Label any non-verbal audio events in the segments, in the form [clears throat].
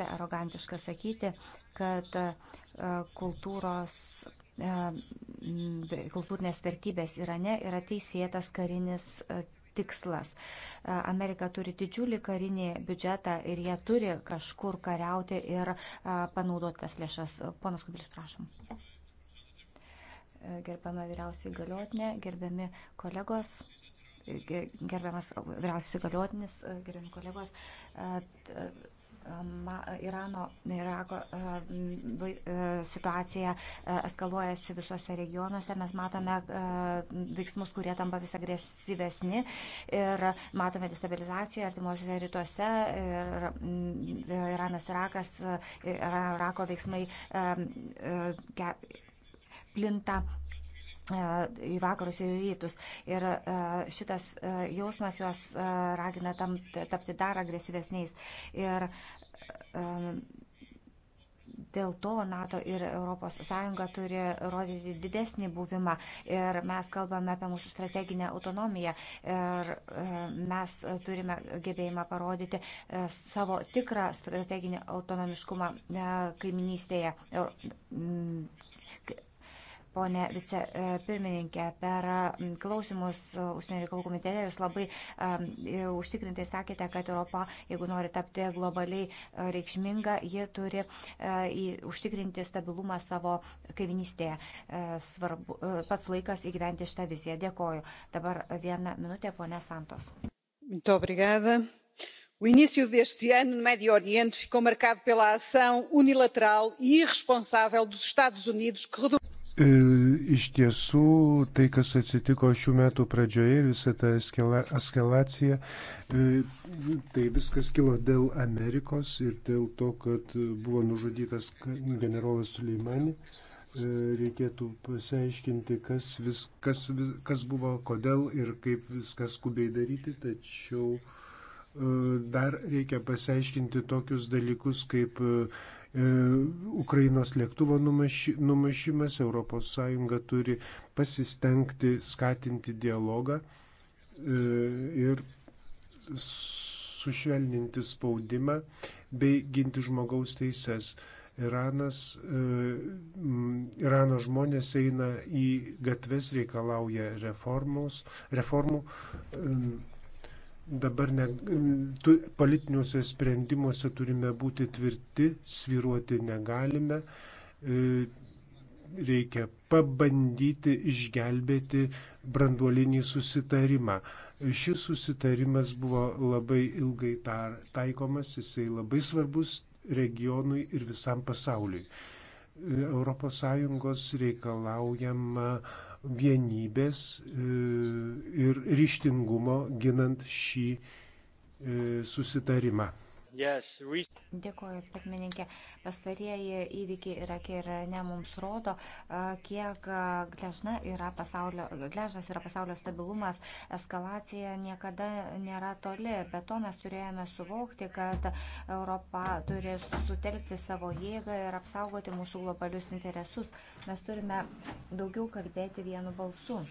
paprasta arogantiška sakyti, kad e, kultūros, e, kultūrinės vertybės Irane yra teisėtas karinis e, tikslas. Amerika turi didžiulį karinį biudžetą ir jie turi kažkur kariauti ir panaudotas lėšas. Ponas Kubilis, prašom. Gerbiama vyriausiai galiotinė, gerbiami kolegos gerbiamas vyriausiasis įgaliotinis, gerbiami kolegos, Irano, Irako e, e, situacija e, eskaluojasi visuose regionuose, mes matome veiksmus, kurie tampa vis agresyvesni ir matome destabilizaciją artimuosiuose rytuose ir Iranas, Irakas, Irako veiksmai plinta E, į vakarus ir į rytus. Ir e, šitas e, jausmas juos ragina tam, tapti dar agresyvesniais. Ir dėl to NATO ir ES turi rodyti didesnį buvimą. Ir mes kalbame apie mūsų strateginę autonomiją. Ir mes turime gebėjimą parodyti savo tikrą strateginį autonomiškumą kaiminystėje Pone vicepirmininkė, per klausimus e, užsienio reikalų komitete jūs labai um, užtikrintai sakėte, kad Europa, jeigu nori tapti globaliai reikšminga, ji turi uh, į, užtikrinti stabilumą savo kaiminystėje. Uh, svarbu, uh, pats laikas įgyventi šitą viziją. Dėkoju. Dabar vieną minutę, ponė Santos. Dobrigada. O início deste ano no Médio Oriente ficou marcado pela ação unilateral e irresponsável dos Estados Unidos que reduziu E, iš tiesų, tai, kas atsitiko šių metų pradžioje ir visa ta eskalacija, e, tai viskas kilo dėl Amerikos ir dėl to, kad buvo nužudytas generolas Suleimani. E, reikėtų pasiaiškinti, kas, vis, kas, kas buvo, kodėl ir kaip viskas skubiai daryti, tačiau dar reikia pasiaiškinti tokius dalykus kaip E, Ukrainos lėktuvo numašymas, ES turi pasistengti skatinti dialogą e, ir sušvelninti spaudimą bei ginti žmogaus teises. Iranas, e, Irano žmonės eina į gatves, reikalauja reformos, reformų dabar ne, tu, politiniuose sprendimuose turime būti tvirti, sviruoti negalime. E, reikia pabandyti išgelbėti branduolinį susitarimą. Šis susitarimas buvo labai ilgai tar, taikomas, jisai labai svarbus regionui ir visam pasauliui. ES reikalaujama uh, vienybės e, ir ryštingumo ginant šį e, susitarimą. Yes, Dėkuoju, pirmininkė. Pastarieji įvykiai Irake ir ne mums rodo, kiek gležna yra pasaulio, gležnas yra pasaulio stabilumas, eskalacija niekada nėra toli. Be to mes turėjome suvokti, kad Europa turi sutelkti savo jėgą ir apsaugoti mūsų globalius interesus. Mes turime daugiau kalbėti vienu balsu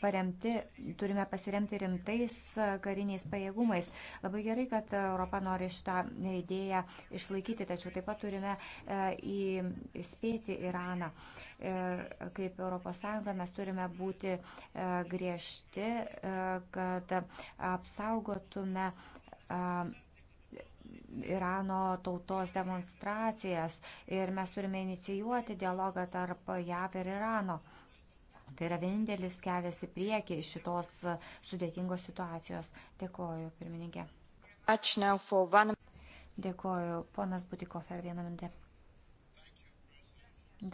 paremti, turime pasiremti rimtais kariniais pajėgumais. Labai gerai, kad Europa nori šitą idėją išlaikyti, tačiau taip pat turime įspėti Iraną. Ir kaip ES mes turime būti griežti, kad apsaugotume Irano tautos demonstracijas ir mes turime inicijuoti dialogą tarp JAV ir Irano. Tai yra vienintelis kelias į priekį iš šitos sudėtingos situacijos. Dėkoju, pirmininkė. Dėkoju, ponas Butikofer, vieną minutę.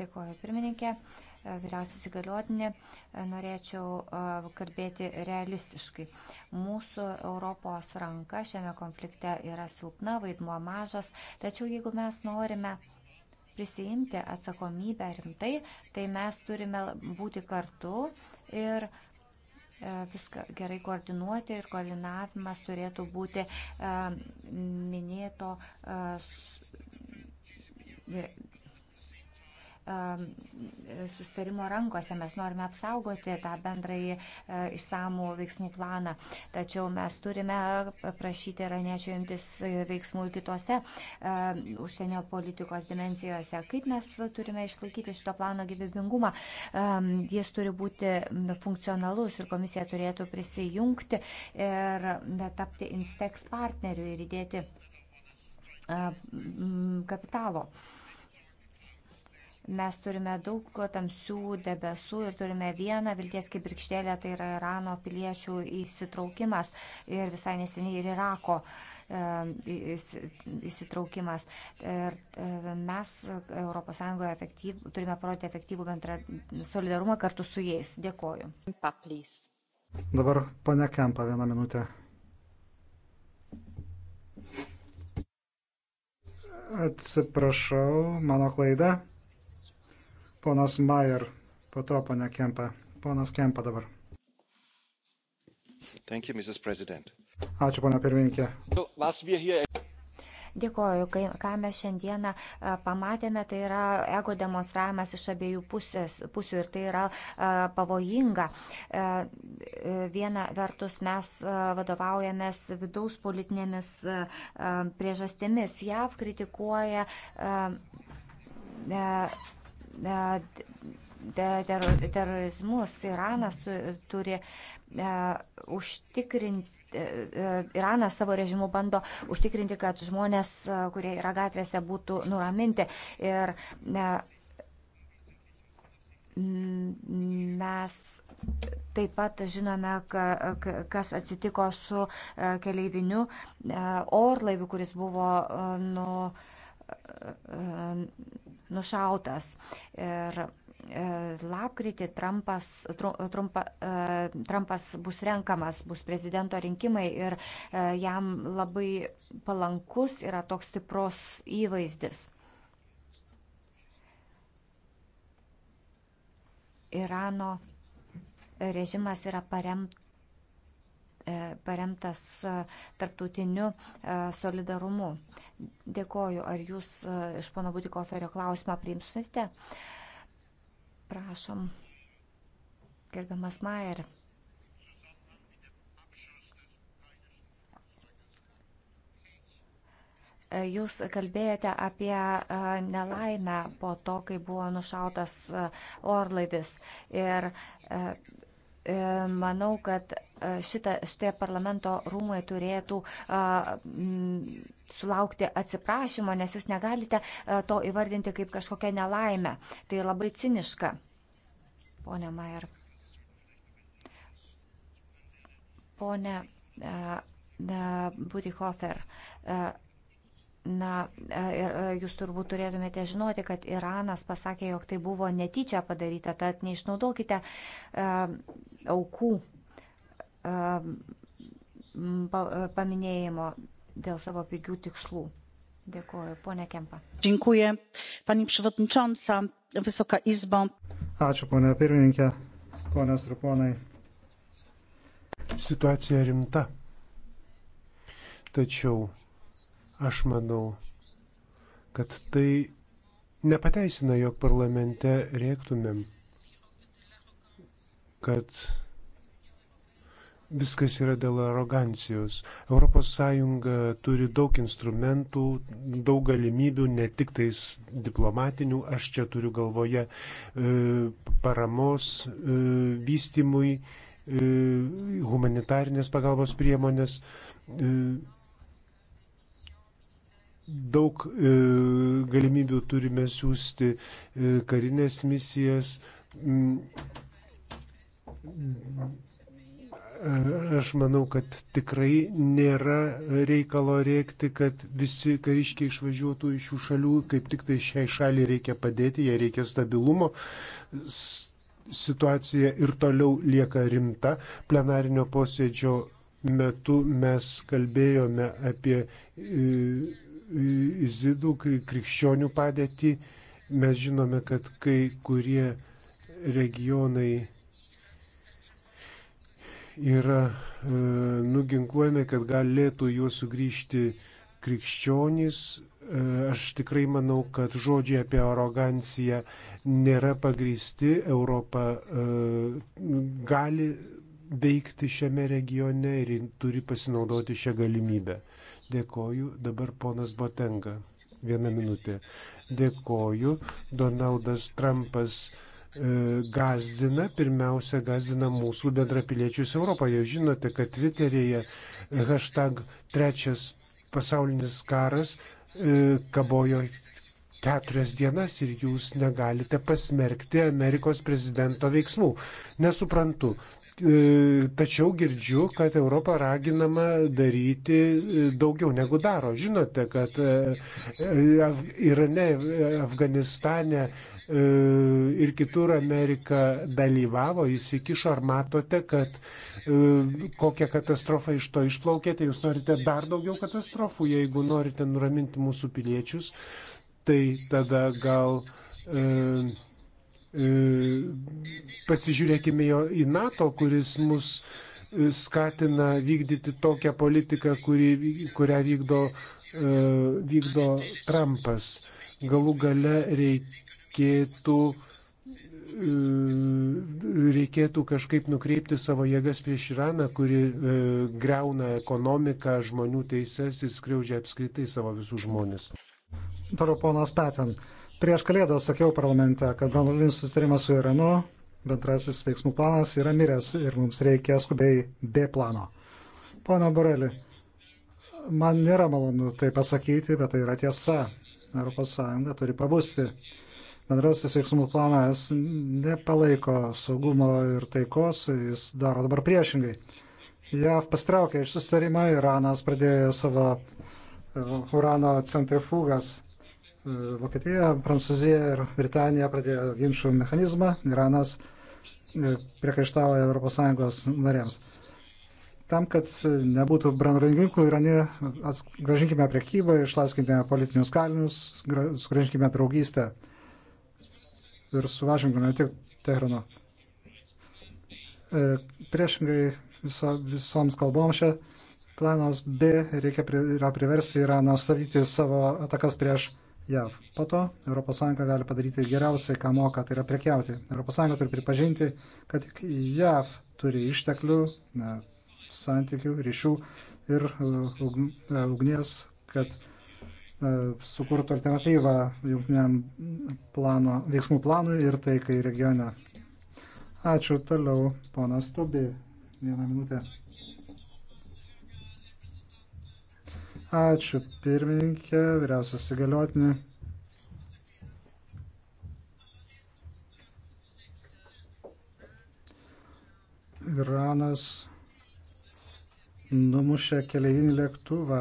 Dėkoju, pirmininkė. Vyriausias įgaliotinė, norėčiau kalbėti realistiškai. Mūsų Europos ranka šiame konflikte yra silpna, vaidmuo mažas, tačiau jeigu mes norime prisijimti atsakomybę rimtai, tai mes turime būti kartu ir e, viską gerai koordinuoti ir koordinavimas turėtų būti e, minėto e, Um, sustarimo rankose. Mes norime apsaugoti tą bendrąjį uh, išsamų veiksmų planą. Tačiau mes turime prašyti iraniečių imtis uh, veiksmų ir kitose uh, užsienio politikos dimencijose. Kaip mes turime išlaikyti šito plano gyvybingumą? Um, jis turi būti funkcionalus ir komisija turėtų prisijungti ir um, tapti Instex partneriu ir įdėti kapitalo. Uh, Mes turime daug tamsių debesų ir turime vieną vilties kibirkštėlę, tai yra Irano piliečių įsitraukimas ir visai neseniai ir Irako įsitraukimas. Ir e, mes ES efektyv, turime parodyti efektyvų bendrą solidarumą kartu su jais. Dėkoju. Dabar pane Kempa vieną minutę. Atsiprašau, mano klaida. Ponas Mayer, po to ponia Kempa. Ponas Kempa dabar. Thank you, Mrs. President. Ačiū, ponia pirmininkė. Dėkoju, kai, ką mes šiandieną pamatėme, tai yra ego demonstravimas iš abiejų pusės, pusių ir tai yra pavojinga. E, e, viena vertus mes vadovaujamės vidaus politinėmis priežastimis. JAV kritikuoja e, E, ter, terorizmus. Iranas tu, turi e, užtikrinti, e, e, Iranas savo režimu bando užtikrinti, kad žmonės, e, kurie yra gatvėse, būtų nuraminti. Ir e, mes taip pat žinome, kas atsitiko su keleiviniu orlaiviu, kuris buvo nu nušautas. Ir e, lapkritį Trumpas, Trumpa, e, Trumpas bus renkamas, bus prezidento rinkimai ir e, jam labai palankus yra toks stipros įvaizdis. Irano režimas yra paremt, paremtas tarptautiniu solidarumu. Dėkoju, ar jūs e, iš pono Butikoferio klausimą priimsite? Prašom, gerbiamas Maier. E, jūs kalbėjote apie e, nelaimę po to, kai buvo nušautas orlaivis. Ir manau, kad šita, šitie parlamento rūmai turėtų sulaukti atsiprašymo, nes jūs negalite e, to įvardinti kaip kažkokią nelaimę. Tai labai ciniška. Pone Majer. Pone e, e, Budihofer. Na, ir jūs turbūt turėtumėte žinoti, kad Iranas pasakė, jog tai buvo netyčia padaryta, tad neišnaudokite uh, aukų uh, paminėjimo dėl savo pigių tikslų. Dėkuoju, ponė Kempa. Dėkuoju, pani Przewodnicząca, Wysoka Izbo. Ačiū, ponė pirmininkė, ponės ir ponai. Situacija rimta. Tačiau aš manau, kad tai nepateisina, jog parlamente rėktumėm, kad Viskas yra dėl arogancijos. ES turi daug instrumentų, daug galimybių, ne tik tais diplomatinių, aš čia turiu galvoje e, paramos e, vystimui, e, humanitarinės pagalbos priemonės. Daug galimybių turime siūsti karinės misijas mm. Aš manau, kad tikrai nėra reikalo rėkti, kad visi kariškiai išvažiuotų iš šių šalių, kaip tik tai šiai šaliai reikia padėti, jai reikia stabilumo. Situacija ir toliau lieka rimta. Plenarinio posėdžio metu mes kalbėjome apie e, e, izidų krikščionių padėtį. Mes žinome, kad kai kurie regionai yra e, nuginkluojami, kad galėtų juos sugrįžti krikščionys. E, aš tikrai manau, kad žodžiai apie aroganciją nėra pagristi. Europa e, gali veikti šiame regione ir turi pasinaudoti šią galimybę. Dėkoju. Dabar ponas Botenga. Vieną minutę. Dėkoju. Donaldas Trumpas E, gazdina, pirmiausia, gazdina mūsų bendrapiliečius Europoje. Žinote, kad Twitterėje hashtag trečias pasaulinis karas e, kabojo keturias dienas ir jūs negalite pasmerkti Amerikos prezidento veiksmų. Nesuprantu, E, tačiau girdžiu, kad Europą raginama daryti e, daugiau negu daro. Žinote, kad e, Irane, Afganistane ir kitur Amerika dalyvavo, įsikišo. Ar matote, kad kokią katastrofą iš to išplaukėte? Tai jūs norite dar daugiau katastrofų, jeigu norite nuraminti mūsų piliečius, tai tada gal. E, E, pasižiūrėkime jo į NATO, kuris mus e, skatina vykdyti tokią politiką, kuri, kurią vykdo, e, vykdo Trumpas. Galų gale reikėtų, reikėtų kažkaip nukreipti savo jėgas prieš Iraną, kuri greuna ekonomiką, žmonių teises ir skriaudžia apskritai savo visus žmonės. Toliau ponas Petin. Prieš kalėdą sakiau parlamente, kad branduolinis sustarimas su Iranu, bendrasis veiksmų planas yra miręs ir mums reikia skubiai B plano. Pone Boreli, man nėra malonu tai pasakyti, bet tai yra tiesa. ES turi pabusti. Bendrasis veiksmų planas nepalaiko saugumo ir taikos, jis daro dabar priešingai. JAV pastraukė iš sustarimą, Iranas pradėjo savo e, urano centrifugas Vokietija, Prancūzija ir Britanija pradėjo ginčių mechanizmą, Iranas e, priekaištauja ES narėms. Tam, kad nebūtų branduolinių ginklų, Irane gražinkime priekybą, išlaiskinkime politinius kalinius, sugražinkime draugystę ir su Vašingtonu, ne tik Teheranu. E, priešingai viso, visoms kalboms čia planas B reikia pri, yra priversti Iraną stabdyti savo atakas prieš JAV. Po to ES gali padaryti geriausiai, ką moka, tai yra prekiauti. ES turi pripažinti, kad tik JAV turi išteklių, santykių, ryšių ir e, e, ugnies, kad e, sukurtų alternatyvą jungtiniam plano, veiksmų planui ir taikai regione. Ačiū toliau, ponas Tubi. Vieną minutę. Ačiū pirmininkė, vyriausias įgaliotinė. Iranas numušė keleivinį lėktuvą.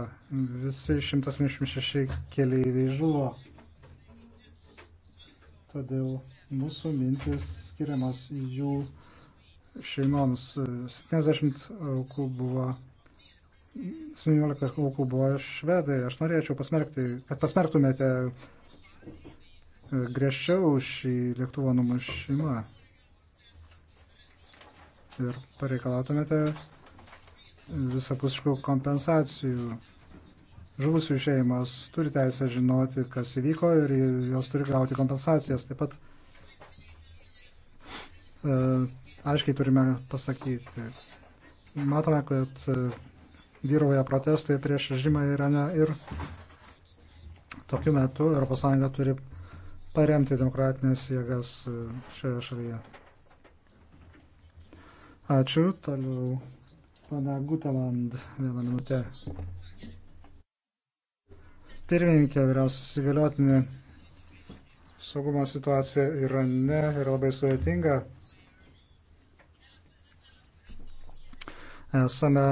Visi 126 keleiviai žuvo. Todėl mūsų mintis skiriamas jų šeimoms. 70 aukų buvo 17 aukų buvo švedai. Aš norėčiau pasmerkti, kad pasmerktumėte e, griežčiau šį lėktuvo numušimą ir pareikalautumėte visapusiškų kompensacijų. Žuvusių šeimos turi teisę žinoti, kas įvyko ir jos turi gauti kompensacijas. Taip pat e, aiškiai turime pasakyti. Matome, kad e, vyrauja protestai prieš režimą Irane ir tokiu metu ES turi paremti demokratinės jėgas e, šioje šalyje. Ačiū. Toliau pana Guteland vieną minutę. Pirmininkė, vyriausias įgaliotinė, saugumo situacija Irane yra labai sudėtinga. Esame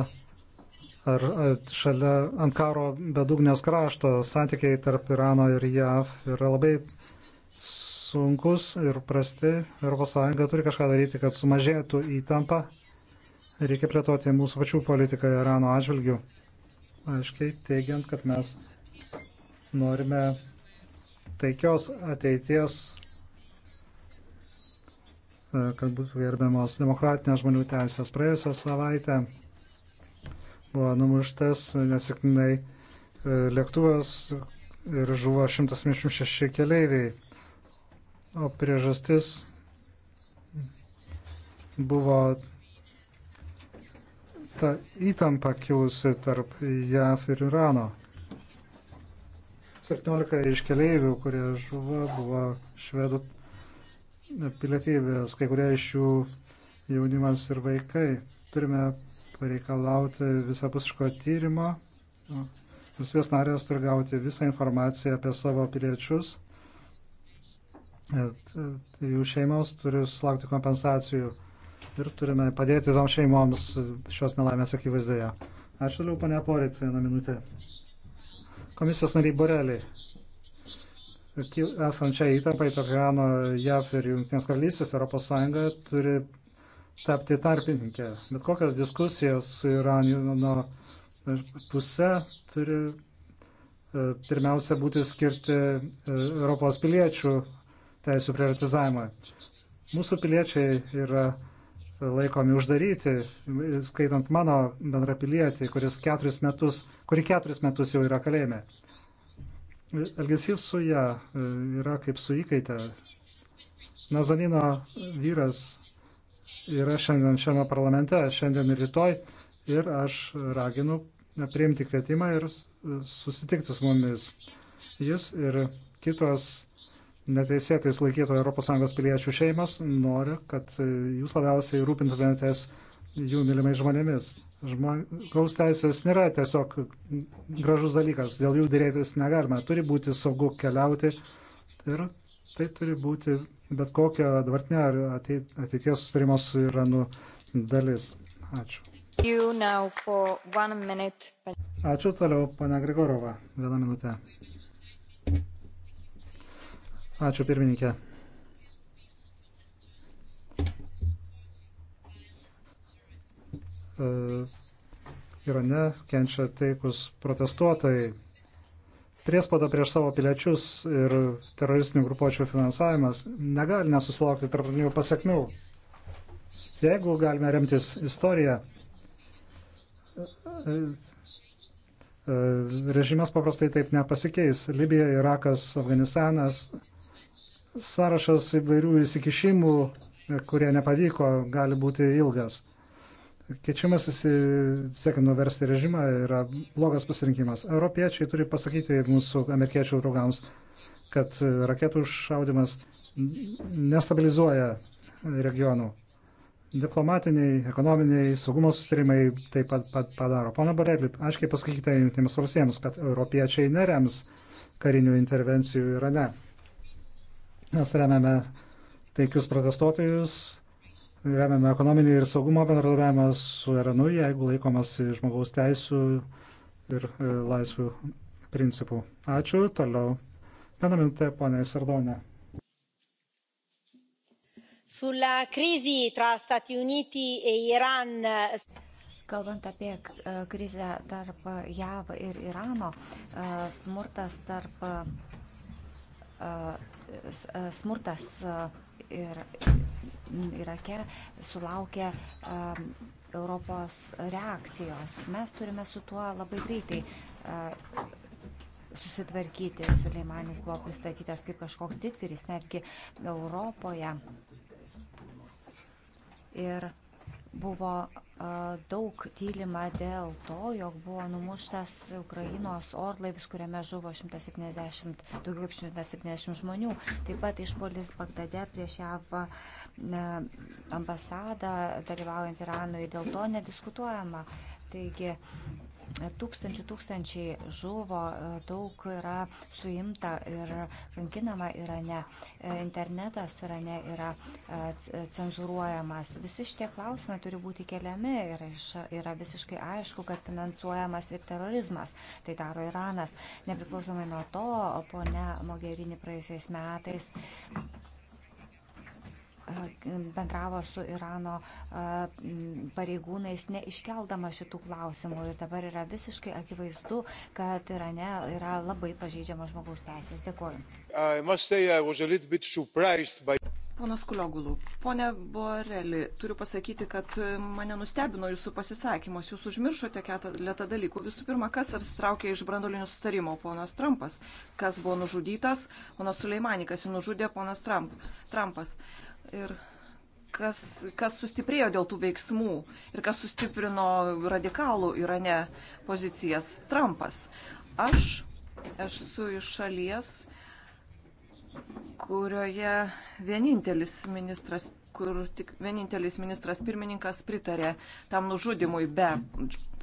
ar šalia ant karo bedugnės krašto santykiai tarp Irano ir JAV yra labai sunkus ir prasti. ES turi kažką daryti, kad sumažėtų įtampa. Reikia plėtoti mūsų pačių politiką Irano atžvilgių. Aiškiai teigiant, kad mes norime taikios ateities, e, kad būtų gerbiamos demokratinės žmonių teisės. Praėjusią savaitę buvo numuštas nesiknai e, lėktuvas ir žuvo 176 keleiviai. O priežastis buvo ta įtampa kilusi tarp JAV ir Irano. 17 iš keleivių, kurie žuvo, buvo švedų pilietybės, kai kurie iš jų jaunimas ir vaikai. Turime pareikalauti visapusiško tyrimo. Valstybės narės turi gauti visą informaciją apie savo piliečius. E, jų šeimos turi sulaukti kompensacijų ir turime padėti toms šeimoms šios nelaimės akivaizdoje. Ačiū toliau, pane Porit, vieną minutę. Komisijos nariai Borelį. Esant čia įtampai tarp Irano, JAV ir Junktinės karalystės, ES turi tapti tarpininkę. Bet kokios diskusijos su Irano puse turi e, pirmiausia būti skirti e, Europos piliečių teisų prioritizavimui. Mūsų piliečiai yra laikomi uždaryti, skaitant mano bendrapilietį, kuris keturis metus, kuri keturis metus jau yra kalėjime. Elgesys su ją e, yra kaip su įkaitė. Nazanino vyras yra šiandien šiame parlamente, šiandien ir rytoj. Ir aš raginu priimti kvietimą ir susitikti su mumis. Jis ir kitos neteisėtais laikyto ES piliečių šeimos nori, kad jūs labiausiai rūpintumėtės jų mylimais žmonėmis. Žmogaus teisės nėra tiesiog gražus dalykas, dėl jų dėrėtis negalima. Turi būti saugu keliauti ir Tai turi būti bet kokia dabartinė ar ateities sustarimo su Iranu dalis. Ačiū. Ačiū toliau, pana Grigorova. Vieną minutę. Ačiū pirmininkė. E, Irane kenčia taikus protestuotojai priespauda prieš savo piliečius ir teroristinių grupuočių finansavimas negali nesusilaukti tarptautinių pasiekmių. Jeigu galime remtis istoriją, režimas paprastai taip nepasikeis. Libija, Irakas, Afganistanas, sąrašas įvairių įsikišimų, kurie nepavyko, gali būti ilgas. Kečiamasis į sekino versti režimą yra blogas pasirinkimas. Europiečiai turi pasakyti mūsų amerikiečių draugams, kad raketų šaudimas nestabilizuoja regionų. Diplomatiniai, ekonominiai, saugumo sustarimai taip pat, pat padaro. Pana Borelį, aiškiai pasakykite jungtinėms valstybėms, kad europiečiai nerems karinių intervencijų Irane. Mes remiame taikius protestuotojus, remiame ekonominį ir saugumo bendradarbiavimą su Iranu, jeigu laikomas žmogaus teisų ir e, laisvių principų. Ačiū. Toliau. Vieną minutę, ponė Sardonė. Sulla crisi tra Stati Uniti e Iran. Kalbant apie e, krizę tarp JAV ir Irano, e, smurtas tarp smurtas ir Irake sulaukė um, Europos reakcijos. Mes turime su tuo labai greitai uh, susitvarkyti. Suleimanis buvo pristatytas kaip kažkoks didvyris netgi Europoje. Ir buvo daug tylima dėl to, jog buvo numuštas Ukrainos orlaivis, kuriame žuvo 170, daugiau kaip 170 žmonių. Taip pat išpolis Bagdade prieš JAV ambasadą, dalyvaujant Iranui, dėl to nediskutuojama. Taigi tūkstančių tūkstančiai žuvo, daug yra suimta ir kankinama Irane, internetas Irane yra cenzuruojamas. Visi šitie klausimai turi būti keliami ir yra visiškai aišku, kad finansuojamas ir terorizmas. Tai daro Iranas. Nepriklausomai nuo to, ponia Mogerini praėjusiais metais bendravo su Irano pareigūnais, neiškeldama šitų klausimų. Ir dabar yra visiškai akivaizdu, kad Irane yra labai pažeidžiama žmogaus teisės. Dėkuoju. Ponas Kuliogulų, ponė Borelį, turiu pasakyti, kad mane nustebino jūsų pasisakymas, jūs užmiršote keletą dalykų. Visų pirma, kas apsitraukė iš brandolinio sustarimo, ponas Trumpas, kas buvo nužudytas, ponas Suleimanikas jį nužudė, ponas Trump, Trumpas ir kas, kas sustiprėjo dėl tų veiksmų ir kas sustiprino radikalų Irane pozicijas Trumpas. Aš esu iš šalies, kurioje vienintelis ministras kur tik vienintelis ministras pirmininkas pritarė tam nužudimui be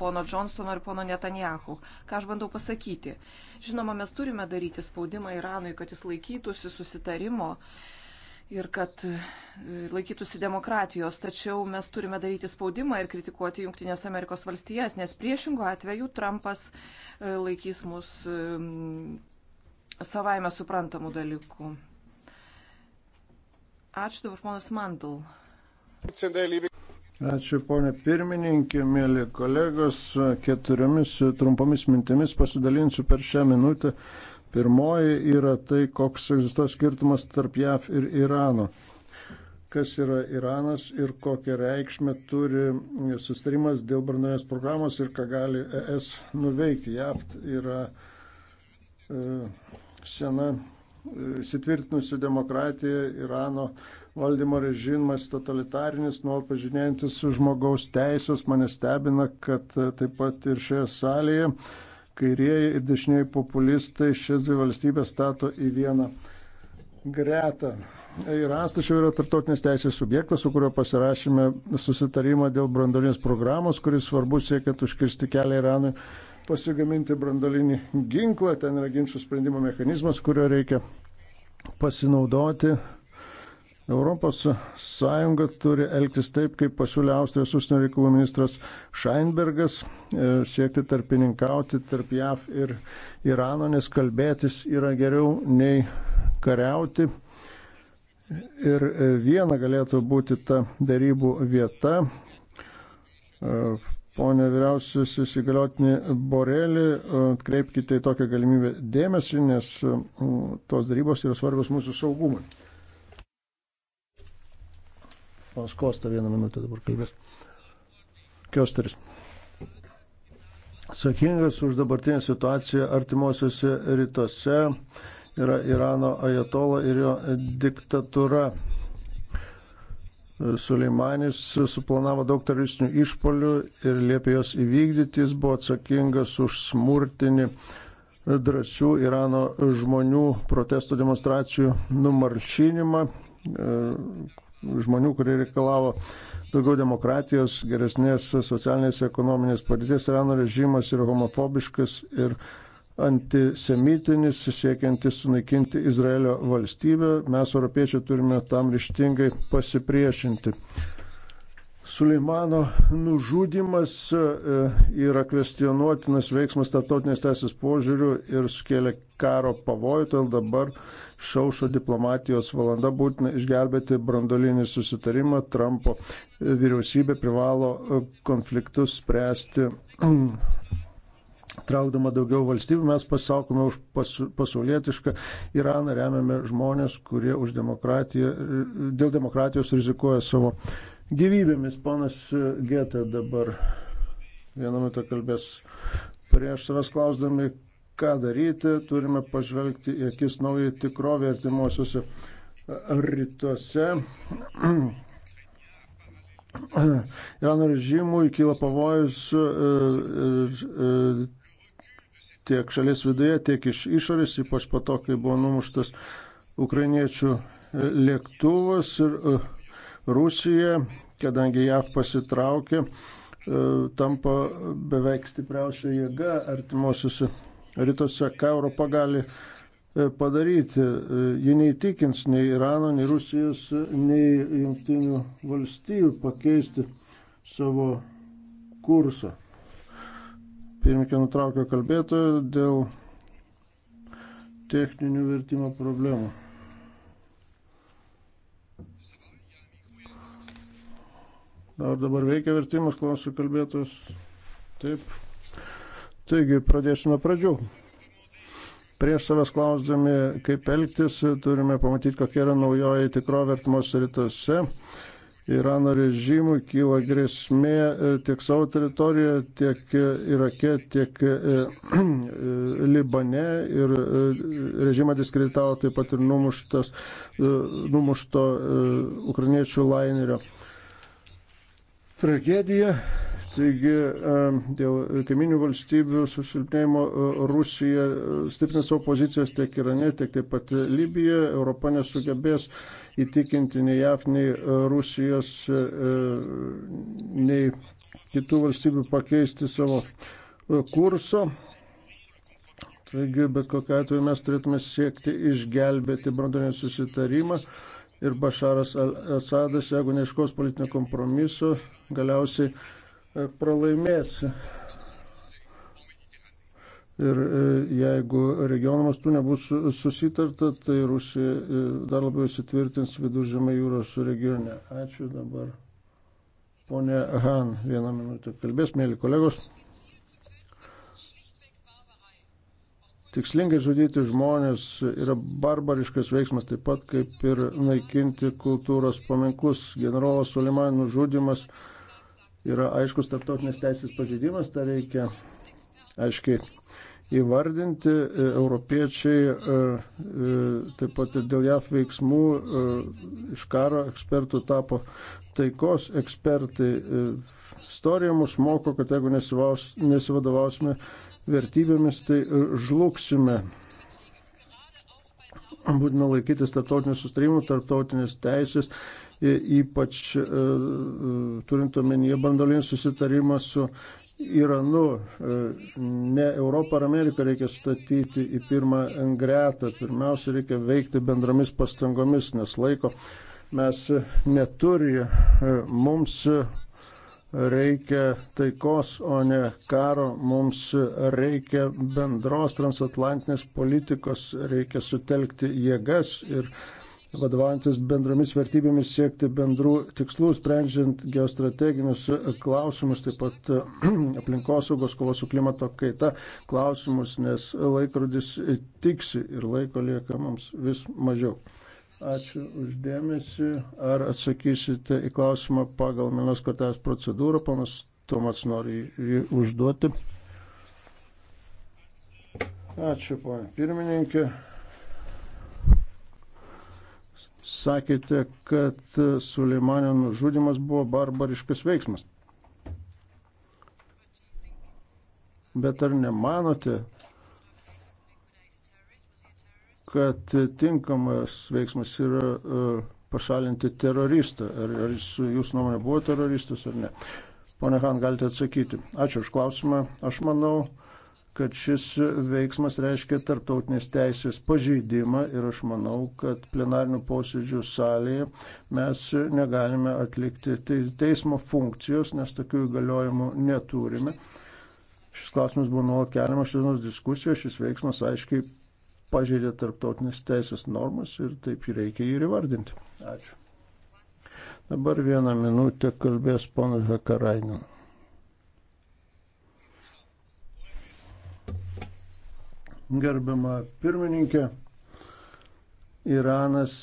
pono Johnsono ir pono Netanjahu. Ką aš bandau pasakyti? Žinoma, mes turime daryti spaudimą Iranui, kad jis laikytųsi susitarimo, ir kad e, laikytųsi demokratijos. Tačiau mes turime daryti spaudimą ir kritikuoti Junktinės Amerikos valstijas, nes priešingų atveju Trumpas e, laikys mus e, savaime suprantamų dalykų. Ačiū dabar ponas Mandl. Ačiū ponė pirmininkė, mėly kolegos, keturiomis trumpomis mintimis pasidalinsiu per šią minutę Pirmoji yra tai, koks egzistuoja skirtumas tarp JAV ir Irano. Kas yra Iranas ir kokią reikšmę turi sustarimas dėl branduolinės programos ir ką gali ES nuveikti. JAV yra e, sena e, įsitvirtinusi demokratija, Irano valdymo režimas totalitarinis, nuolat pažinėjantis žmogaus teisės, mane stebina, kad e, taip pat ir šioje salėje kairieji ir dešinieji populistai šias dvi valstybės stato į vieną gretą. Iranas tačiau yra tarptautinės teisės subjektas, su kuriuo pasirašėme susitarimą dėl brandolinės programos, kuris svarbus siekiant užkirsti kelią Iranui pasigaminti brandolinį ginklą. Ten yra ginčių sprendimo mechanizmas, kurio reikia pasinaudoti Europos Sąjunga turi elgtis taip, kaip pasiūlė Austrijos užsienio reikalų ministras Scheinbergas, e, siekti tarpininkauti tarp JAV ir Irano, nes kalbėtis yra geriau nei kariauti. Ir e, viena galėtų būti ta darybų vieta. E, Pone vyriausiasis įgaliotinį Borelį, kreipkite į tokią galimybę dėmesį, nes tos darybos yra svarbios mūsų saugumui. Pas Kosta vieną minutę dabar kalbės. Kiosteris. Sakingas už dabartinę situaciją artimuosiuose rytuose yra Irano ajatola ir jo diktatūra. Suleimanis suplanavo daug teroristinių išpolių ir liepė jos įvykdyti, jis buvo atsakingas už smurtinį drąsių Irano žmonių protesto demonstracijų numaršinimą, žmonių, kurie reikalavo daugiau demokratijos, geresnės socialinės ekonominės padėties. Irano režimas yra homofobiškas ir antisemitinis, siekiantis sunaikinti Izraelio valstybę. Mes, europiečiai, turime tam ryštingai pasipriešinti. Suleimano nužudimas e, yra kvestionuotinas veiksmas tarptautinės teisės požiūrių ir sukėlė karo pavojų, todėl dabar šaušo diplomatijos valanda būtina išgelbėti brandolinį susitarimą. Trumpo e, vyriausybė privalo e, konfliktus spręsti. [clears throat] Traukdama daugiau valstybių mes pasakome už pas, pasaulietišką Iraną, remiame žmonės, kurie demokratiją, dėl demokratijos rizikuoja savo gyvybėmis. Ponas Geta dabar vieną minutę kalbės prieš savęs klausdami, ką daryti, turime pažvelgti į akis naują tikrovę artimuosiuose rytuose. Irano [clears throat] režimui kyla pavojus e, e, e, tiek šalies viduje, tiek iš išorės, ypač po to, kai buvo numuštas ukrainiečių lėktuvas ir uh, Rusija, kadangi JAV pasitraukė, e, tampa beveik stipriausia jėga artimuosiuose rytuose, ką Europa gali e, padaryti. E, ji neįtikins nei Irano, nei Rusijos, nei Junktinių valstybių pakeisti savo kursą. Pirmininkė nutraukė kalbėtoją dėl techninių vertimo problemų. Ar dabar veikia vertimas, klausiu kalbėtos. Taip. Taigi, pradėsime pradžių. Prieš savęs klausdami, kaip elgtis, turime pamatyti, kokia yra naujoji tikrovė vertimos rytuose. Irano režimui kyla grėsmė e, tiek savo teritorijoje, tiek e, Irake, tiek e, Libane ir režimą diskreditavo taip pat ir numuštas, numušto ukrainiečių lainerio tragedija. Taigi dėl kaiminių valstybių susilpnėjimo e, Rusija e, stiprina savo pozicijas tiek Irane, tiek taip pat Libija. Europa nesugebės įtikinti nei JAF, nei e, Rusijos, nei kitų valstybių pakeisti savo kurso. Taigi, bet kokiu atveju mes turėtume siekti išgelbėti branduolinį susitarimą ir Bašaras Al-Asadas, jeigu neiškos politinio kompromiso, galiausiai e, pralaimės. Ir e, jeigu regionų mastu nebus susitarta, tai Rusija e, dar labiau įsitvirtins viduržėmė jūros regione. Ačiū dabar. Pone Han, vieną minutę kalbės, mėly kolegos. Tikslingai žudyti žmonės yra barbariškas veiksmas, taip pat kaip ir naikinti kultūros paminklus. Generolo Suleiman nužudimas yra aiškus tarptautinės teisės pažeidimas, tą reikia aiškiai įvardinti. Europiečiai e, e, taip pat ir dėl JAF veiksmų e, iš karo ekspertų tapo taikos ekspertai. Istorija mus moko, kad jeigu nesivadovausime vertybėmis, tai žlugsime. Būtina laikytis tarptautinių sustarimų, tarptautinės teisės, ypač e, e, turint omenyje bandolinį susitarimą su Iranu. E, ne Europą ar Ameriką reikia statyti į pirmą gretą. Pirmiausia, reikia veikti bendromis pastangomis, nes laiko mes neturi. Mums reikia taikos, o ne karo, mums reikia bendros transatlantinės politikos, reikia sutelkti jėgas ir vadovantis bendromis vertybėmis siekti bendrų tikslų, sprendžiant geostrateginius klausimus, taip pat [clears throat] aplinkosaugos, kovos su klimato kaita klausimus, nes laikrodis tiksi ir laiko lieka mums vis mažiau. Ačiū uždėmesi. Ar atsakysite į klausimą pagal Minos kortelės procedūrą? Panas Tomas nori jį užduoti. Ačiū, ponė pirmininkė. Sakėte, kad Suleimanio nužudimas buvo barbariškas veiksmas. Bet ar nemanote, kad tinkamas veiksmas yra e, pašalinti teroristą. Ar, ar jis jūsų nuomonė buvo teroristas ar ne? Pone Han, galite atsakyti. Ačiū už klausimą. Aš manau, kad šis veiksmas reiškia tarptautinės teisės pažeidimą ir aš manau, kad plenarnių posėdžių salėje mes negalime atlikti teismo funkcijos, nes tokių įgaliojimų neturime. Šis klausimas buvo nuolat keliamas šios diskusijos, šis veiksmas aiškiai pažeidė tarptautinės teisės normas ir taip reikia ir įvardinti. Ačiū. Dabar vieną minutę kalbės ponas Hakarainin. Gerbiama pirmininkė, Iranas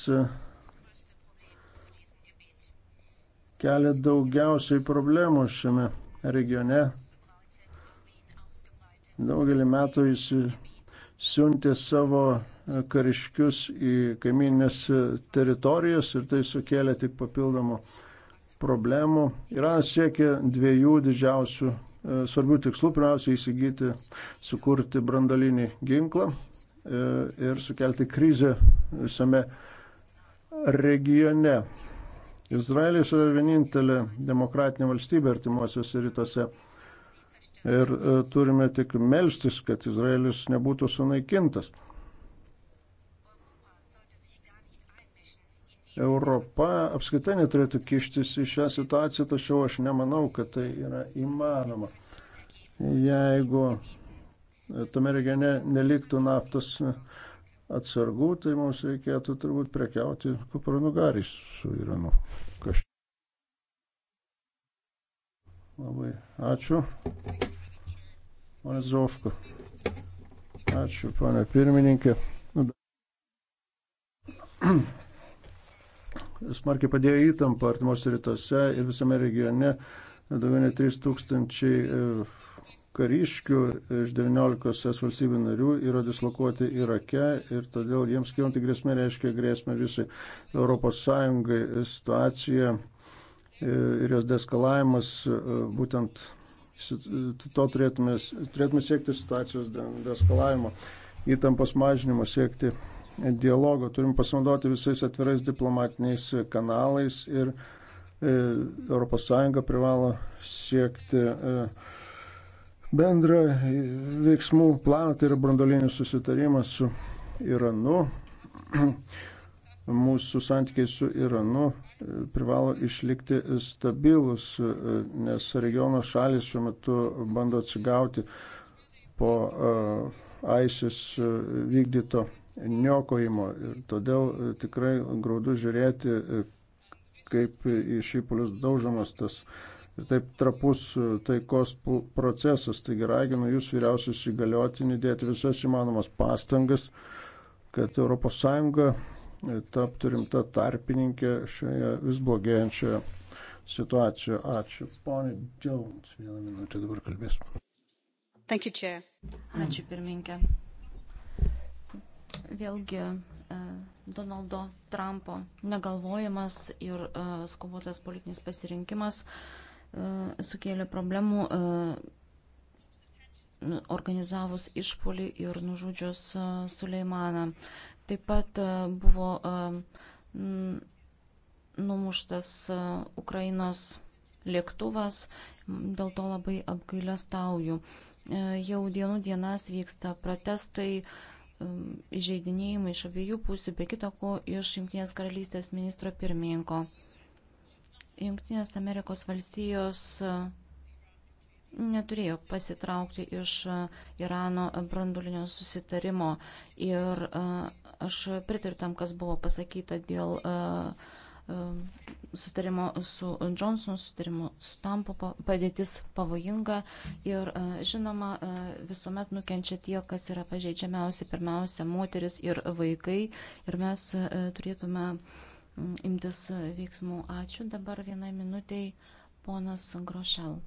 kelia daugiausiai problemų šiame regione. Daugelį metų jis siuntė savo e, kariškius į kaiminės e, teritorijas ir tai sukėlė tik papildomų problemų. Iranas siekia dviejų didžiausių e, svarbių tikslų. Pirmiausia, įsigyti, sukurti brandalinį ginklą ir sukelti krizę visame regione. Izraelis yra vienintelė demokratinė valstybė artimuosiuose rytuose ir e, turime tik melstis, kad Izraelis nebūtų sunaikintas. Europa apskaitai neturėtų kištis į šią situaciją, tačiau aš nemanau, kad tai yra įmanoma. Jeigu e, tame regione neliktų naftos atsargų, tai mums reikėtų turbūt prekiauti kupranugariais su Iranu. Kaž... Labai ačiū. Mazovka. Ačiū, ponė pirmininkė. Nu, [clears throat] Smarkiai padėjo įtampa artimos rytuose ir visame regione daugiau nei 3000 e, kariškių iš 19 es valstybių narių yra dislokuoti Irake ir todėl jiems kilanti grėsmė reiškia grėsmę visai ES situacija e, ir jos deskalavimas e, būtent to turėtume, turėtume siekti situacijos deskalavimo, įtampos mažinimo, siekti dialogo, turim pasinaudoti visais atvirais diplomatiniais kanalais ir ES privalo siekti e, bendrą e, veiksmų planą, tai yra brandolinis susitarimas su Iranu. [clears throat] Mūsų santykiai su Iranu privalo išlikti stabilus, nes regiono šalis šiuo metu bando atsigauti po ISIS vykdyto niokojimo. Ir todėl tikrai graudu žiūrėti, kaip į šypulius daužomas tas ir taip trapus taikos procesas. Taigi raginu jūs vyriausius įgaliotinį dėti visas įmanomas pastangas, kad ES tapti rimta tarpininkė šioje vis blogėjančioje situacijoje. Ačiū. Pone Jones, vieną minutę dabar kalbės. Thank you, Chair. Ačiū pirmininkė. Vėlgi e, Donaldo Trumpo negalvojimas ir e, skubotas politinis pasirinkimas e, sukėlė problemų organizavus išpolį ir nužudžius Suleimaną. Taip pat e, buvo e, numuštas e, Ukrainos lėktuvas, dėl to labai apgailestauju. Jau dienų dienas vyksta protestai, įžeidinėjimai iš abiejų pusių, be kitako iš Junktinės karalystės ministro pirmininko. Junktinės Amerikos valstijos neturėjo pasitraukti iš Irano brandulinio susitarimo ir Aš pritariu tam, kas buvo pasakyta dėl e, e, sutarimo su Johnson, sutarimo su Tampo padėtis pavojinga ir e, žinoma visuomet nukenčia tie, kas yra pažeidžiamiausi, pirmiausia moteris ir vaikai ir mes turėtume imtis veiksmų. Ačiū. Dabar vienai minutiai ponas Grošel.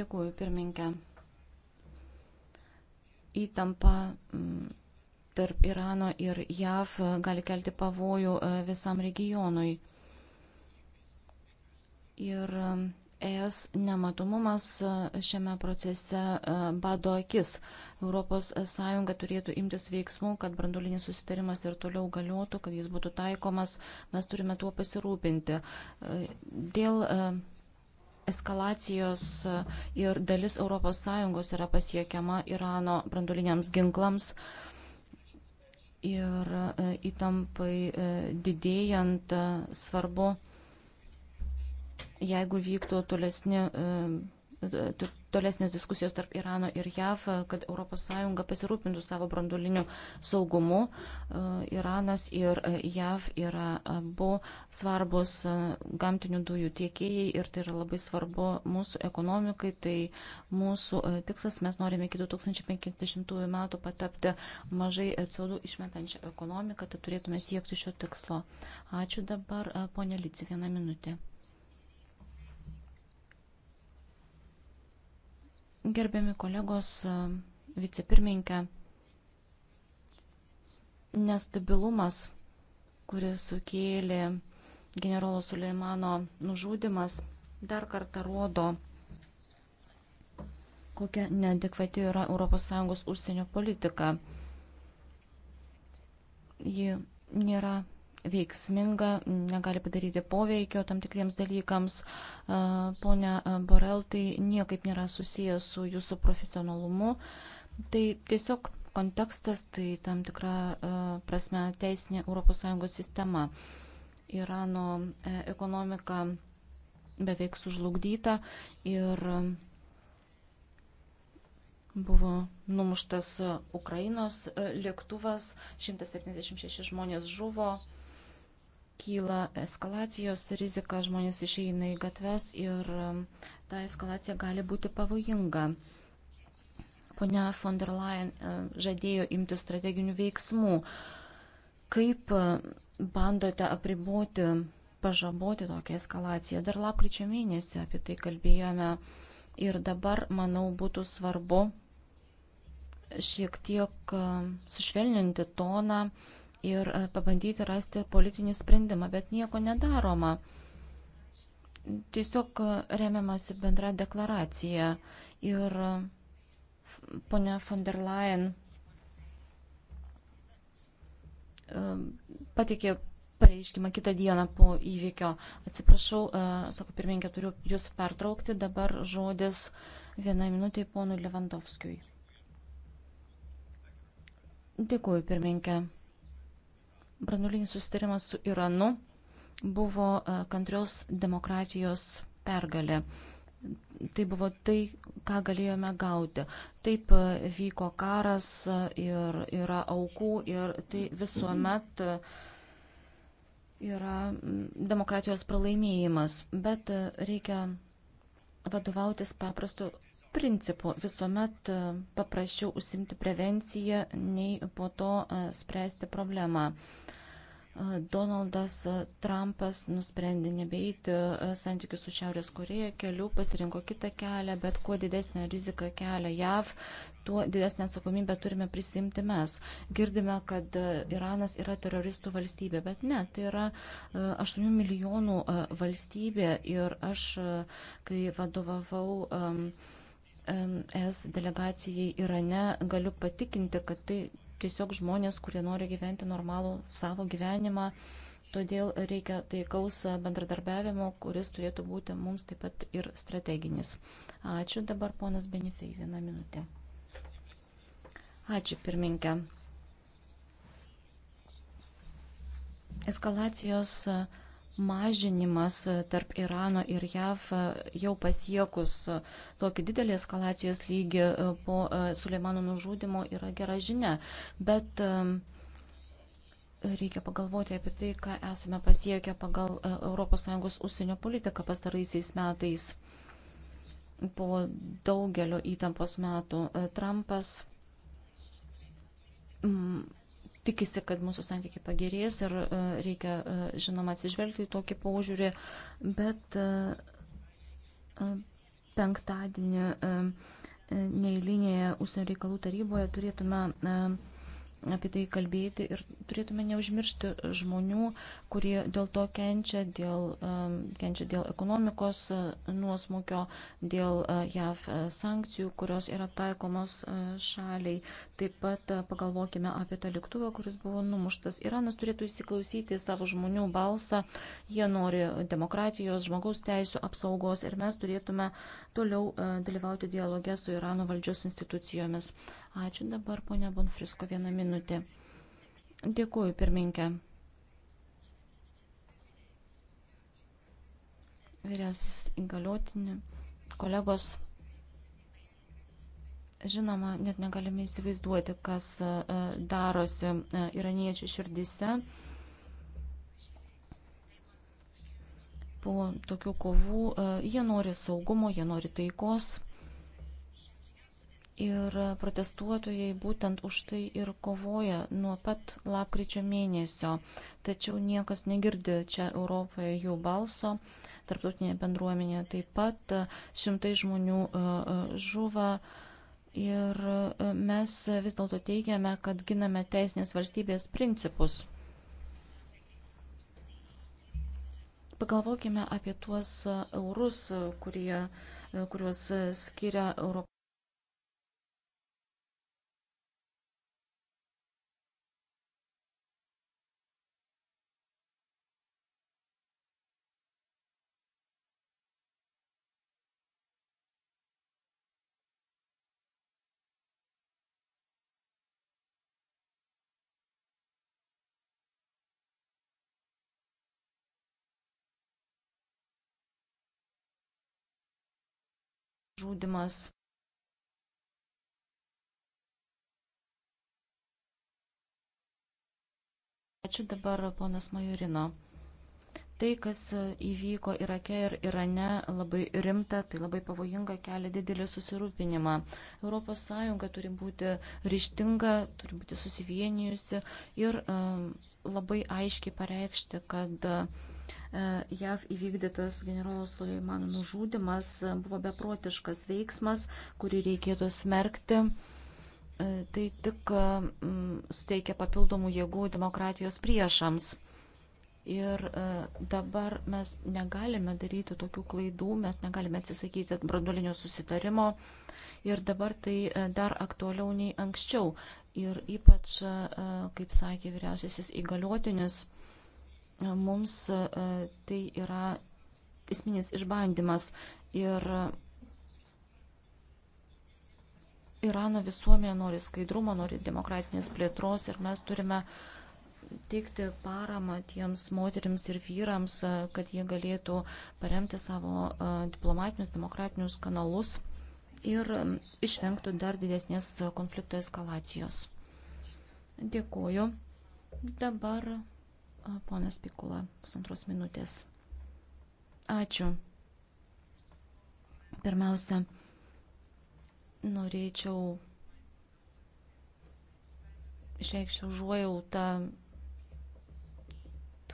Dėkuoju, pirmininkė įtampa mm, tarp Irano ir JAV gali kelti pavojų e, visam regionui. Ir e, ES nematomumas e, šiame procese bado akis. ES turėtų imtis veiksmų, kad brandulinis susitarimas ir toliau galiotų, kad jis būtų taikomas. Mes turime tuo pasirūpinti. Dėl eskalacijos e, ir dalis ES yra pasiekiama Irano branduliniams ginklams. Ir e, įtampai e, didėjant svarbu, jeigu vyktų tolesni tolesnės diskusijos tarp Irano ir JAV, kad ES pasirūpintų savo branduliniu saugumu. E, Iranas ir e, JAV yra abu svarbus e, gamtinių dujų tiekėjai ir tai yra labai svarbu mūsų ekonomikai. Tai mūsų tikslas, mes norime iki 2050 metų patapti mažai CO2 išmetančią ekonomiką, tad turėtume siekti šio tikslo. Ačiū dabar, ponė Lici, vieną minutę. Gerbiami kolegos, vicepirmininkė, nestabilumas, kuris sukėlė generolo Suleimano nužudimas, dar kartą rodo, kokia neadekvati yra ES užsienio politika. Ji nėra veiksminga, negali padaryti poveikio tam tikriems dalykams. Pone Borel, tai niekaip nėra susijęs su jūsų profesionalumu. Tai tiesiog kontekstas, tai tam tikra prasme teisinė ES sistema. Irano e, ekonomika beveik sužlugdyta ir buvo numuštas Ukrainos e, lėktuvas, 176 žmonės žuvo, kyla eskalacijos rizika, žmonės išeina į gatves ir um, ta eskalacija gali būti pavojinga. Pone von der Leyen um, žadėjo imti strateginių veiksmų. Kaip um, bandote apriboti, pažaboti tokią eskalaciją? Dar lapkričio mėnesį apie tai kalbėjome ir dabar, manau, būtų svarbu šiek tiek sušvelninti toną ir e, pabandyti rasti politinį sprendimą, bet nieko nedaroma. Tiesiog e, remiamasi bendra deklaracija ir e, ponia von der Leyen pateikė pareiškimą kitą dieną po įvykio. Atsiprašau, sako pirmininkė, turiu jūs pertraukti. Dabar žodis vienai minutiai ponui Levandovskijui. Dėkuoju, pirmininkė. Branulinis susitarimas su Iranu buvo e, kantrios demokratijos pergalė. Tai buvo tai, ką galėjome gauti. Taip e, vyko karas e, ir yra aukų ir tai visuomet yra demokratijos pralaimėjimas. Bet reikia vadovautis paprastu principu visuomet e, paprasčiau užsimti prevenciją, nei po to e, spręsti problemą. E, Donaldas Trumpas nusprendė nebeiti santykių su Šiaurės Koreja keliu, pasirinko kitą kelią, bet kuo didesnė rizika kelia JAV, tuo didesnę atsakomybę turime prisimti mes. Girdime, kad Iranas yra teroristų valstybė, bet ne, tai yra 8 milijonų valstybė ir aš, kai vadovavau es delegacijai Irane galiu patikinti, kad tai tiesiog žmonės, kurie nori gyventi normalų savo gyvenimą. Todėl reikia taikaus bendradarbiavimo, kuris turėtų būti mums taip pat ir strateginis. Ačiū dabar ponas Benifei, vieną minutę. Ačiū pirminkė. Eskalacijos uh, mažinimas e, tarp Irano ir JAV e, jau pasiekus e, tokį didelį eskalacijos lygį po Suleimano nužudimo yra gera žinia. Bet reikia pagalvoti apie tai, ką esame pasiekę pagal ES užsienio politiką pastaraisiais metais po daugelio įtampos metų. Trumpas tikisi, kad mūsų santykiai pagerės ir e, reikia, e, žinoma, atsižvelgti į tokį paužiūrį, bet e, penktadienį neįlinėje užsienio reikalų taryboje turėtume apie tai kalbėti ir turėtume neužmiršti žmonių, kurie dėl to kenčia, dėl, um, kenčia dėl ekonomikos uh, nuosmukio, dėl uh, JAV uh, sankcijų, kurios yra taikomos šaliai. Taip pat pagalvokime apie tą lėktuvą, kuris buvo numuštas. Iranas turėtų įsiklausyti savo žmonių balsą. Jie nori demokratijos, žmogaus teisų apsaugos ir mes turėtume toliau dalyvauti dialogę su Irano valdžios institucijomis. Ačiū dabar, ponia Bonfrisko, vieną minutę minutė. Dėkuoju, pirminkė. Vyriausias įgaliotini, kolegos. Žinoma, net negalime įsivaizduoti, kas e, darosi e, iraniečių širdise. Po tokių kovų e, jie nori saugumo, jie nori taikos. Ir protestuotojai būtent už tai ir kovoja nuo pat lapkričio mėnesio. Tačiau niekas negirdi čia Europoje jų balso. Tarptautinė bendruomenė taip pat šimtai žmonių e, e, žuva. Ir e, mes vis dėlto teigiame, kad giname teisinės valstybės principus. Pagalvokime apie tuos eurus, kurie, kuriuos skiria Europos. žudymas Ačiū dabar ponas Majorino. Tai, kas įvyko Irake ir Irane, labai rimta, tai labai pavojinga, kelia didelį susirūpinimą. ES turi būti ryštinga, turi būti susivienijusi ir um, labai aiškiai pareikšti, kad uh, E, JAV įvykdytas generolo Suleimano nužudimas buvo beprotiškas veiksmas, kurį reikėtų smerkti. E, tai tik suteikia papildomų jėgų demokratijos priešams. Ir e, dabar mes negalime daryti tokių klaidų, mes negalime atsisakyti branduolinio susitarimo. Ir dabar tai dar aktualiau nei anksčiau. Ir ypač, kaip sakė vyriausiasis įgaliotinis, Mums e, tai yra esminis išbandymas ir Irano visuomenė nori skaidrumo, nori demokratinės plėtros ir mes turime teikti paramą tiems moteriams ir vyrams, e, kad jie galėtų paremti savo e, diplomatinius, demokratinius kanalus ir išvengtų dar didesnės konflikto eskalacijos. Dėkuoju. Dabar Ponas Pikula, pusantros minutės. Ačiū. Pirmiausia, norėčiau išreikšti užuojautą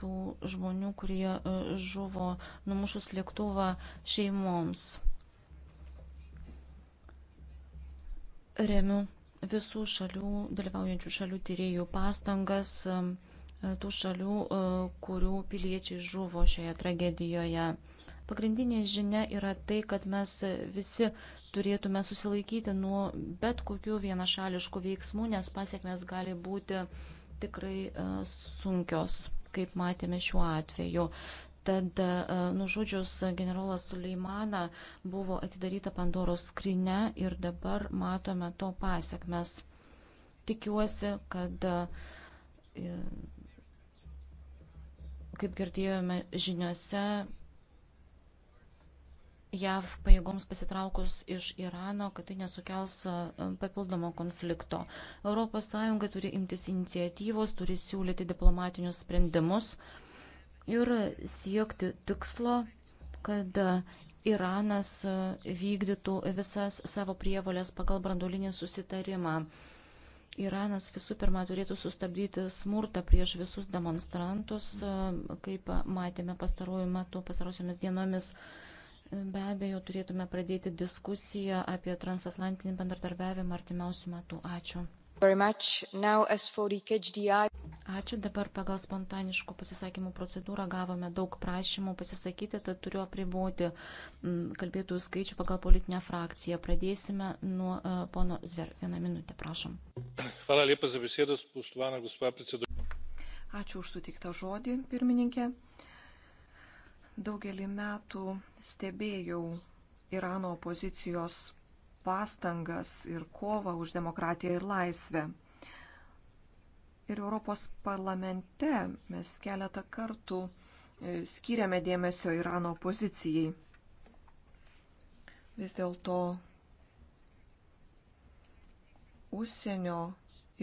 tų žmonių, kurie e, žuvo numušus lėktuvą šeimoms. Remiu visų šalių, dalyvaujančių šalių tyriejų pastangas E, tų šalių, e, kurių piliečiai žuvo šioje tragedijoje. Pagrindinė žinia yra tai, kad mes visi turėtume susilaikyti nuo bet kokių vienašališkų veiksmų, nes pasiekmes gali būti tikrai e, sunkios, kaip matėme šiuo atveju. Tad nužudžius generolą Suleimaną buvo atidaryta Pandoros skrinė ir dabar matome to pasiekmes. Tikiuosi, kad Kaip girdėjome žiniuose, JAV pajėgoms pasitraukus iš Irano, kad tai nesukels e, papildomo konflikto. ES turi imtis iniciatyvos, turi siūlyti diplomatinius sprendimus ir siekti tikslo, kad Iranas e, vykdytų visas savo prievolės pagal branduolinį susitarimą. Iranas visų pirma turėtų sustabdyti smurtą prieš visus demonstrantus, e, kaip matėme pastaruoju metu, pastarosiomis dienomis. Be abejo, turėtume pradėti diskusiją apie transatlantinį bendradarbiavimą artimiausių metų. Ačiū. Ačiū dabar pagal spontaniškų pasisakymų procedūrą gavome daug prašymų pasisakyti, tad turiu apriboti mm, kalbėtojų skaičių pagal politinę frakciją. Pradėsime nuo uh, pono Zver. Vieną minutę, prašom. Ačiū už sutiktą žodį, pirmininkė. Daugelį metų stebėjau Irano opozicijos pastangas ir kovą už demokratiją ir laisvę. Ir Europos parlamente mes keletą kartų e, skiriame dėmesio Irano pozicijai. Vis dėlto užsienio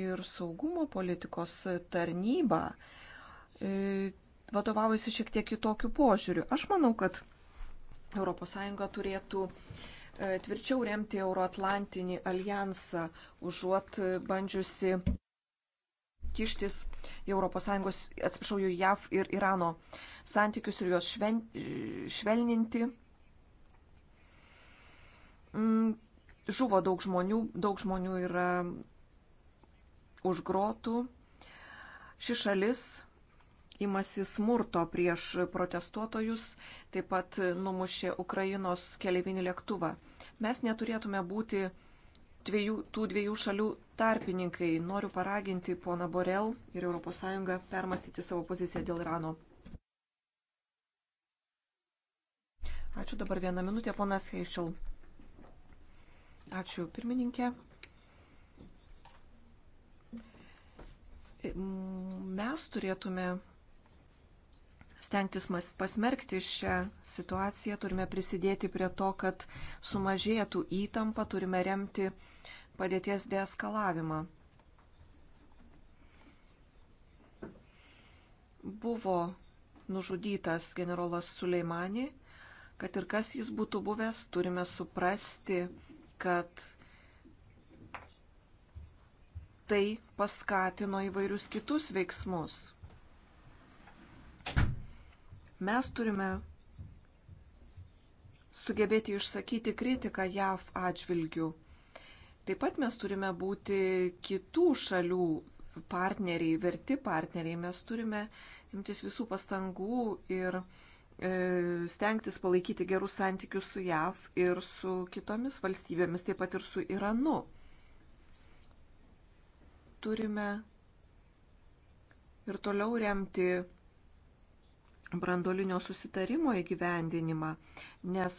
ir saugumo politikos tarnyba e, vadovaujasi šiek tiek kitokiu požiūriu. Aš manau, kad ES turėtų E, tvirčiau remti Euroatlantinį alijansą, užuot bandžiusi kištis į ES, atsiprašau, į JAV ir Irano santykius ir juos šven, švelninti. Mm, žuvo daug žmonių, daug žmonių yra užgrotų. Ši šalis imasi smurto prieš protestuotojus, taip pat numušė Ukrainos keleivinį lėktuvą. Mes neturėtume būti dviejų, tų dviejų šalių tarpininkai. Noriu paraginti poną Borel ir ES permastyti savo poziciją dėl Irano. Ačiū dabar vieną minutę, ponas Heišel. Ačiū pirmininkė. Mes turėtume stengtis pasmerkti šią situaciją, turime prisidėti prie to, kad sumažėtų įtampa, turime remti padėties deeskalavimą. Buvo nužudytas generolas Suleimani, kad ir kas jis būtų buvęs, turime suprasti, kad tai paskatino įvairius kitus veiksmus. Mes turime sugebėti išsakyti kritiką JAV atžvilgių. Taip pat mes turime būti kitų šalių partneriai, verti partneriai. Mes turime imtis visų pastangų ir e, stengtis palaikyti gerus santykius su JAV ir su kitomis valstybėmis, taip pat ir su Iranu. Turime ir toliau remti brandolinio susitarimo įgyvendinimą, nes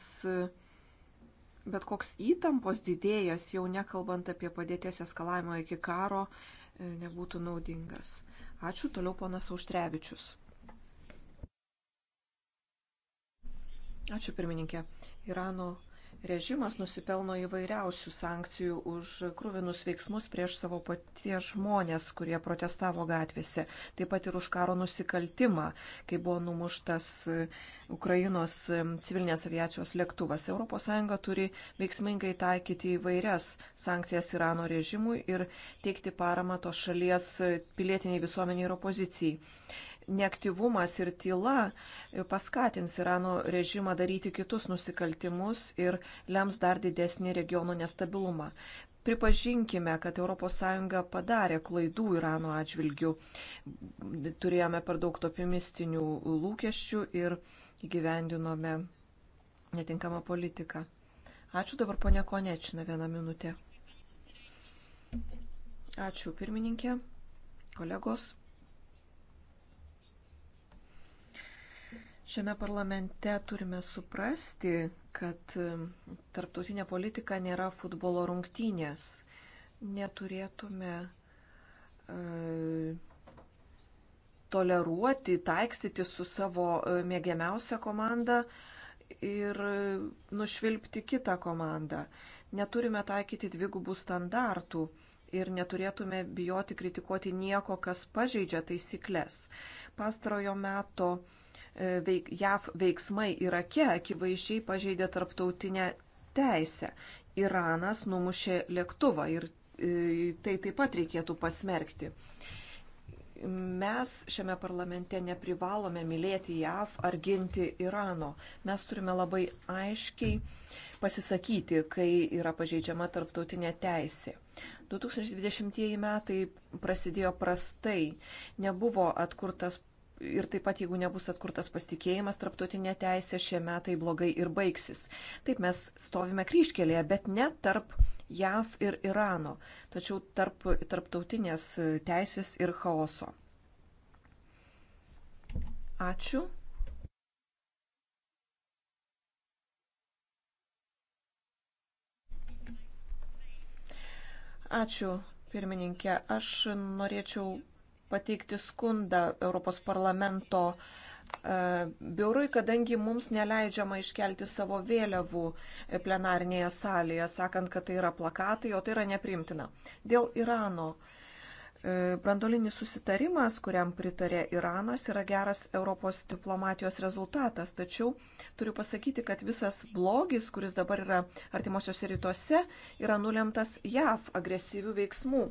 bet koks įtampos didėjas, jau nekalbant apie padėties eskalavimą iki karo, e, nebūtų naudingas. Ačiū toliau ponas Auštrevičius. Ačiū pirmininkė. Irano režimas nusipelno įvairiausių sankcijų už krūvinus veiksmus prieš savo paties žmonės, kurie protestavo gatvėse, taip pat ir už karo nusikaltimą, kai buvo numuštas e, Ukrainos e, civilinės aviacijos lėktuvas. ES turi veiksmingai taikyti įvairias sankcijas Irano režimui ir teikti paramą to šalies e, pilietiniai visuomeniai ir opozicijai neaktyvumas ir tyla paskatins Irano režimą daryti kitus nusikaltimus ir lems dar didesnį regiono nestabilumą. Pripažinkime, kad ES padarė klaidų Irano atžvilgių. Turėjome per daug optimistinių lūkesčių ir įgyvendinome netinkamą politiką. Ačiū dabar ponia Konečina vieną minutę. Ačiū pirmininkė, kolegos. Šiame parlamente turime suprasti, kad tarptautinė politika nėra futbolo rungtynės. Neturėtume e, toleruoti, taikstyti su savo e, mėgiamiausia komanda ir nušvilpti kitą komandą. Neturime taikyti dvigubų standartų ir neturėtume bijoti kritikuoti nieko, kas pažeidžia taisyklės. Pastarojo meto veik, JAV veiksmai Irake akivaizdžiai pažeidė tarptautinę teisę. Iranas numušė lėktuvą ir e, tai taip pat reikėtų pasmerkti. Mes šiame parlamente neprivalome mylėti JAV ar ginti Irano. Mes turime labai aiškiai pasisakyti, kai yra pažeidžiama tarptautinė teisė. 2020 metai prasidėjo prastai, nebuvo atkurtas ir taip pat, jeigu nebus atkurtas pasitikėjimas tarptautinė teisė, šie metai blogai ir baigsis. Taip mes stovime kryškelėje, bet ne tarp JAV ir Irano, tačiau tarp tarptautinės teisės ir chaoso. Ačiū. Ačiū, pirmininkė. Aš norėčiau pateikti skundą Europos parlamento e, biurui, kadangi mums neleidžiama iškelti savo vėliavų plenarnėje salėje, sakant, kad tai yra plakatai, o tai yra neprimtina. Dėl Irano. E, Brandolinis susitarimas, kuriam pritarė Iranas, yra geras Europos diplomatijos rezultatas, tačiau turiu pasakyti, kad visas blogis, kuris dabar yra artimuosiuose rytuose, yra nulemtas JAV agresyvių veiksmų.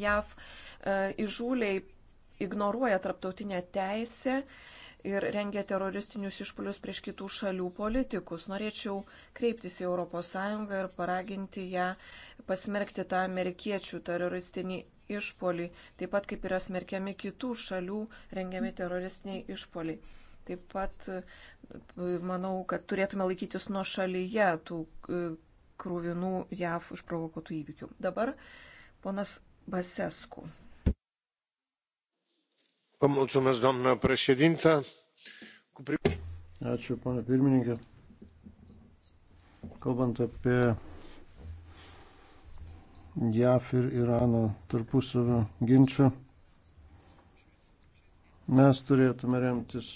JAV uh, E, įžūliai ignoruoja tarptautinę teisę ir rengia teroristinius išpolius prieš kitų šalių politikus. Norėčiau kreiptis į ES ir paraginti ją pasmerkti tą amerikiečių teroristinį išpolį, taip pat kaip yra smerkiami kitų šalių rengiami teroristiniai išpoliai. Taip pat e, manau, kad turėtume laikytis nuo šalyje tų e, krūvinų JAV išprovokuotų įvykių. Dabar ponas Basesku doamnă președintă ačiū pone pirmininke kalbant apie jav ir irano tarpusavio ginčą mes turėtume remtis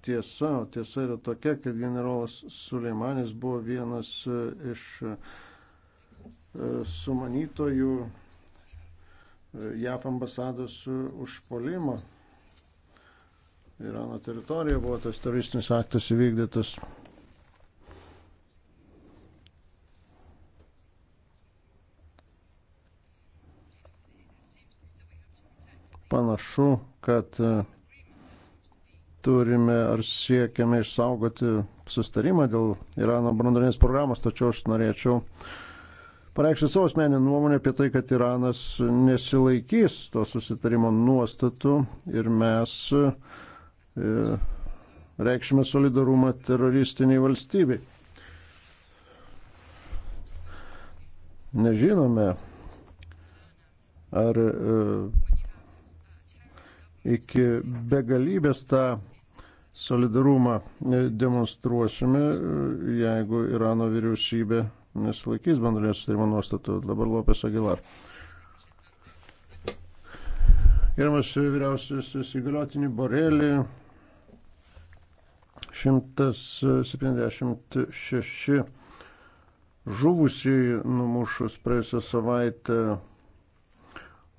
tiesa o tiesa yra tokia kad generolas suleimanis buvo vienas iš e, sumanytojų JAF ambasados užpolimo. Irano teritorija buvo tas teroristinis aktas įvykdytas. Panašu, kad e, turime ar siekiame išsaugoti sustarimą dėl Irano branduolinės programos, tačiau aš norėčiau uh, pareikšti savo asmenį nuomonę apie tai, kad Iranas nesilaikys to susitarimo nuostatų ir mes e, reikšime solidarumą teroristiniai valstybei. Nežinome, ar e, iki begalybės tą solidarumą e, demonstruosime, jeigu Irano vyriausybė nesilaikys bendroje sutarimo nuostatų. Dabar Lopės Agilar. Gerbiamas vyriausiasis įgaliotinį Borelį. 176 žuvusiai numušus praėjusią savaitę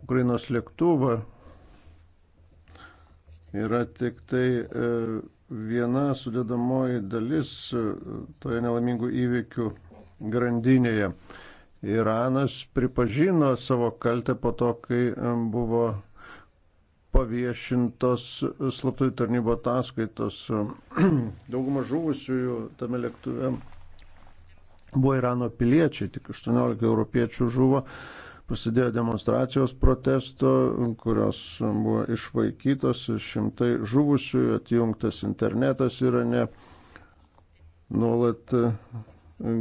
Ukrainos lėktuvą yra tik tai e, viena sudėdamoji dalis e, toje nelaimingų įvykių grandinėje. Iranas pripažino savo kaltę po to, kai buvo paviešintos slaptųjų tarnybo ataskaitos. [clears throat] Dauguma žuvusiųjų tame lėktuve buvo Irano piliečiai, tik 18 europiečių žuvo. Prasidėjo demonstracijos protesto, kurios buvo išvaikytos, šimtai žuvusiųjų, atjungtas internetas Irane. Nuolat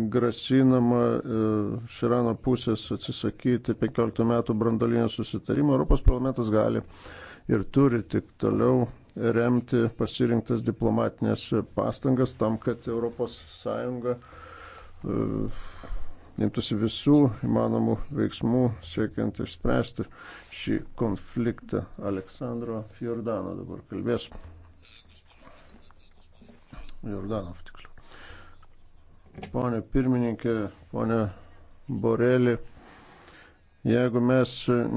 grasinama e, Širano pusės atsisakyti 15 metų brandolinio susitarimo, Europos parlamentas gali ir turi tik toliau remti pasirinktas diplomatinės pastangas tam, kad ES e, imtųsi visų įmanomų veiksmų siekiant išspręsti šį konfliktą. Aleksandro Fjordano dabar kalbės. Jordanov tiksliau ponė pirmininkė, ponė Borelė. Jeigu mes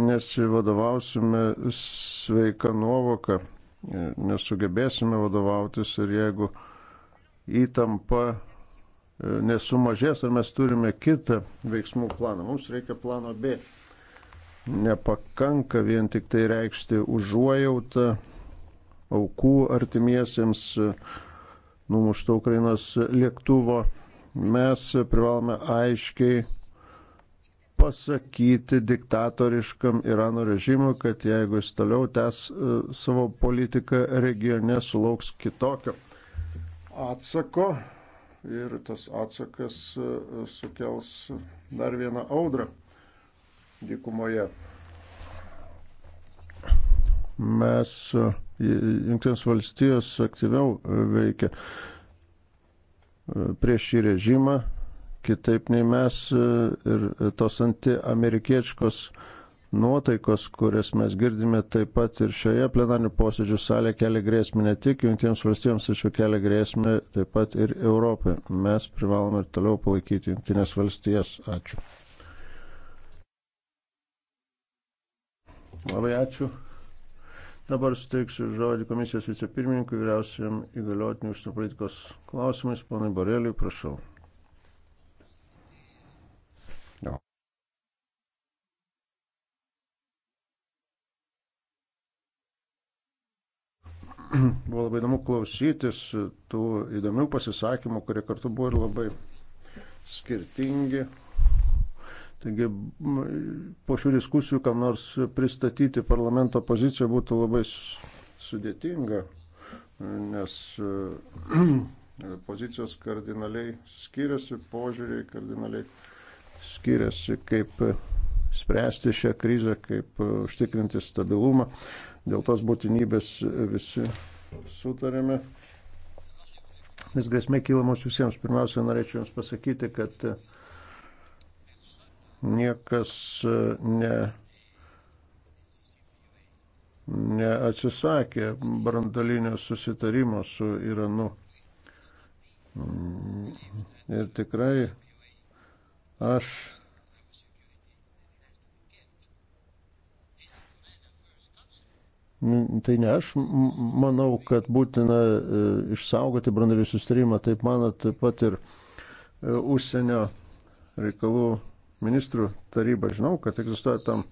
nesivadovausime sveika nuovoka, nesugebėsime vadovautis ir jeigu įtampa e, nesumažės, ar mes turime kitą veiksmų planą, mums reikia plano B. Nepakanka vien tik tai reikšti užuojautą aukų artimiesiems e, numušto Ukrainos lėktuvo mes privalome aiškiai pasakyti diktatoriškam Irano režimui, kad jeigu jis toliau tęs e, savo politiką regione, sulauks kitokio atsako ir tas atsakas e, sukels dar vieną audrą dykumoje. Mes e, Junktinės valstijos aktyviau veikia prieš šį režimą, kitaip nei mes e, ir tos antiamerikiečkos nuotaikos, kurias mes girdime taip pat ir šioje plenarnių posėdžių salėje kelia grėsmę ne tik Junktiems valstijoms, tačiau kelia grėsmę taip pat ir Europai. Mes privalome ir toliau palaikyti Junktinės valstijas. Ačiū. Labai ačiū. Dabar suteiksiu žodį komisijos vicepirmininkui, vyriausiam įgaliotiniu užsienio politikos klausimais, ponai Boreliui, prašau. Jo. Buvo labai įdomu klausytis tų įdomių pasisakymų, kurie kartu buvo ir labai skirtingi. Taigi po šių diskusijų kam nors pristatyti parlamento poziciją būtų labai sudėtinga, nes e, [clears throat] pozicijos kardinaliai skiriasi, požiūriai kardinaliai skiriasi, kaip spręsti šią krizę, kaip užtikrinti stabilumą. Dėl tos būtinybės visi sutarėme. Nes grėsmė kyla mums visiems. Pirmiausia, norėčiau Jums pasakyti, kad uh, niekas e, ne, neatsisakė brandalinio susitarimo su Iranu. Mm, ir tikrai aš mm, Tai ne aš manau, kad būtina e, išsaugoti brandarį sustarimą, taip mano taip pat ir e, užsienio reikalų ministrų taryba. Žinau, kad egzistuoja tam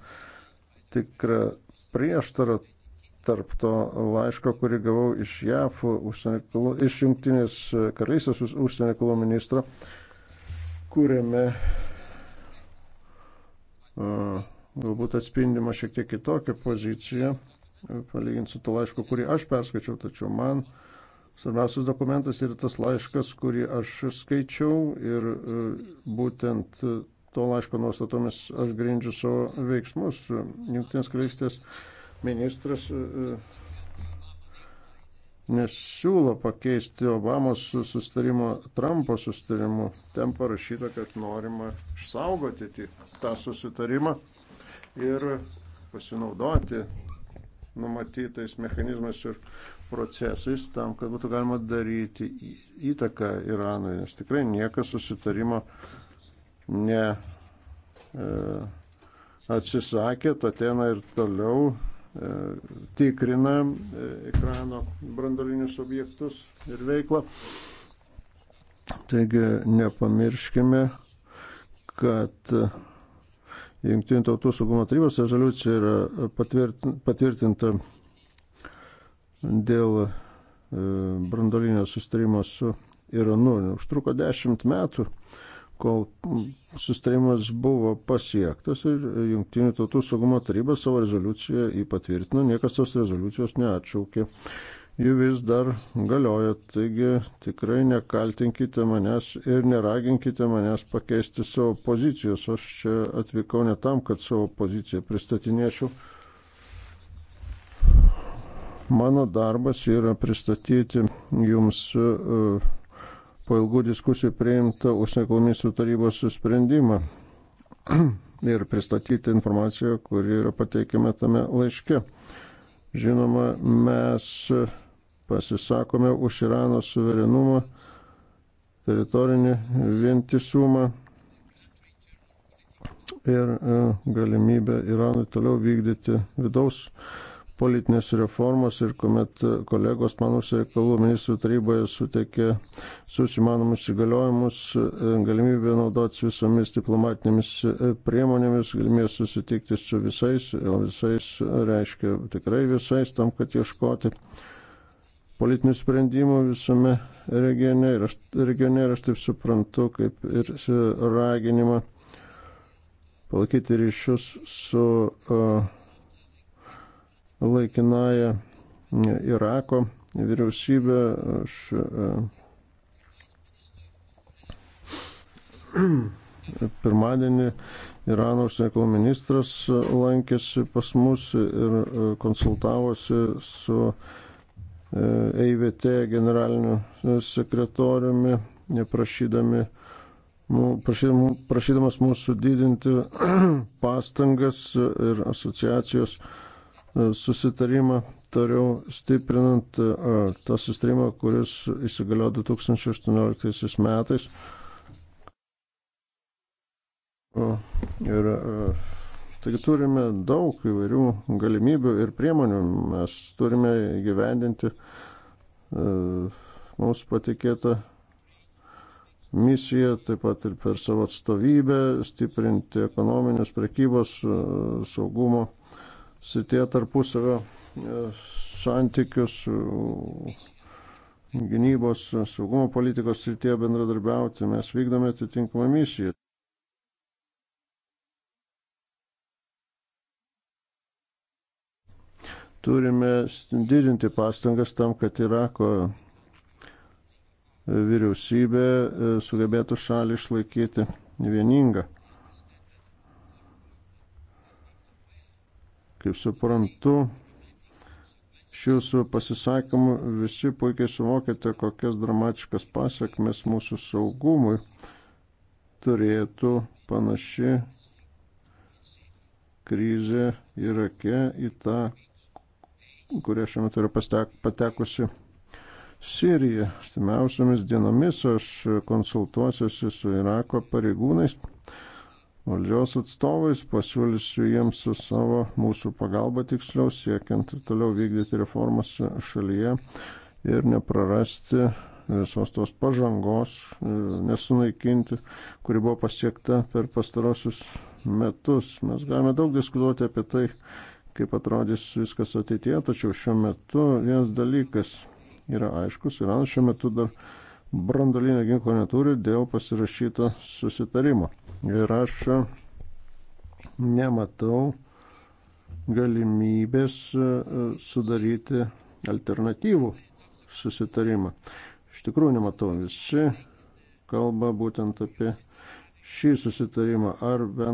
tikra prieštara tarp to laiško, kurį gavau iš JAF, užsienio, iš Junktinės karalystės užsienio reikalų ministro, kuriame uh, galbūt atspindima šiek tiek kitokia pozicija, palyginti su to laišku, kurį aš perskaičiau, tačiau man svarbiausias dokumentas yra tas laiškas, kurį aš skaičiau ir e, būtent to laiško nuostatomis aš grindžiu savo veiksmus. Junktinės karalystės ministras e, e, nesiūlo pakeisti Obamos sustarimo Trumpo sustarimu. Ten parašyta, kad norima išsaugoti tą susitarimą ir pasinaudoti numatytais mechanizmais ir procesais tam, kad būtų galima daryti įtaką Iranui, nes tikrai niekas susitarimo uh, ne e, atsisakė, Tatena ir toliau e, tikrina e, ekrano brandolinius objektus ir veiklą. Taigi nepamirškime, kad Junktinių tautų saugumo tarybos rezoliucija yra patvirtinta dėl brandolinio sustarimo su Iranu. Užtruko dešimt metų kol sustarimas buvo pasiektas ir Junktinių tautų saugumo taryba savo rezoliuciją įpatvirtino, niekas tos rezoliucijos neatšaukė. Ji vis dar galioja, taigi tikrai nekaltinkite manęs ir neraginkite manęs pakeisti savo pozicijos. Aš čia atvykau ne tam, kad savo poziciją pristatinėčiau. Mano darbas yra pristatyti jums uh, po ilgų diskusijų priimtą užsienio ministrų tarybos sprendimą [clears throat] ir pristatyti informaciją, kuri yra pateikiama tame laiške. Žinoma, mes pasisakome už Irano suverenumą, teritorinį vientisumą ir e, galimybę Iranui toliau vykdyti vidaus politinės reformos ir kuomet kolegos man užsireikalų ministrų taryboje suteikė susimanomus įgaliojimus, galimybę naudotis visomis diplomatinėmis priemonėmis, galimybę susitikti su visais, o visais reiškia tikrai visais tam, kad ieškoti politinių sprendimų visame regione ir aš, regione, ir aš taip suprantu, kaip ir raginimą palaikyti ryšius su uh, laikinąją Irako vyriausybę. Aš e, pirmadienį Irano užsienio ministras lankėsi pas mus ir e, konsultavosi su EIVT e generaliniu sekretoriumi, prašydami prašydamas mūsų didinti [clears throat] pastangas ir asociacijos E, susitarimą, tariau, stiprinant e, tą susitarimą, kuris įsigalio 2018 metais. Ir e, taigi turime daug įvairių galimybių ir priemonių. Mes turime gyvendinti mums patikėtą misiją, taip pat ir per savo atstovybę, stiprinti ekonominius prekybos saugumo sitie tarpusavio e, santykius, e, gynybos, e, saugumo politikos sitie bendradarbiauti. Mes vykdome atitinkamą misiją. Turime didinti pastangas tam, kad Irako vyriausybė sugebėtų šalį išlaikyti vieningą. Kaip suprantu, iš jūsų pasisakymų visi puikiai suvokite, kokias dramatiškas pasiekmes mūsų saugumui turėtų panaši krizė Irake į tą, kurią šiuo metu yra patekusi Sirija. Stimiausiamis dienomis aš konsultuosiuosi su Irako pareigūnais valdžios atstovais, pasiūlysiu jiems su savo mūsų pagalba tiksliau, siekiant toliau vykdyti reformas šalyje ir neprarasti visos tos pažangos, nesunaikinti, kuri buvo pasiekta per pastarosius metus. Mes galime daug diskutuoti apie tai, kaip atrodys viskas ateityje, tačiau šiuo metu vienas dalykas yra aiškus, Iranas šiuo metu dar brandolinio ginklo neturi dėl pasirašyto susitarimo. Ir aš nematau galimybės e, sudaryti alternatyvų susitarimą. Iš tikrųjų nematau, visi kalba būtent apie šį susitarimą ar bent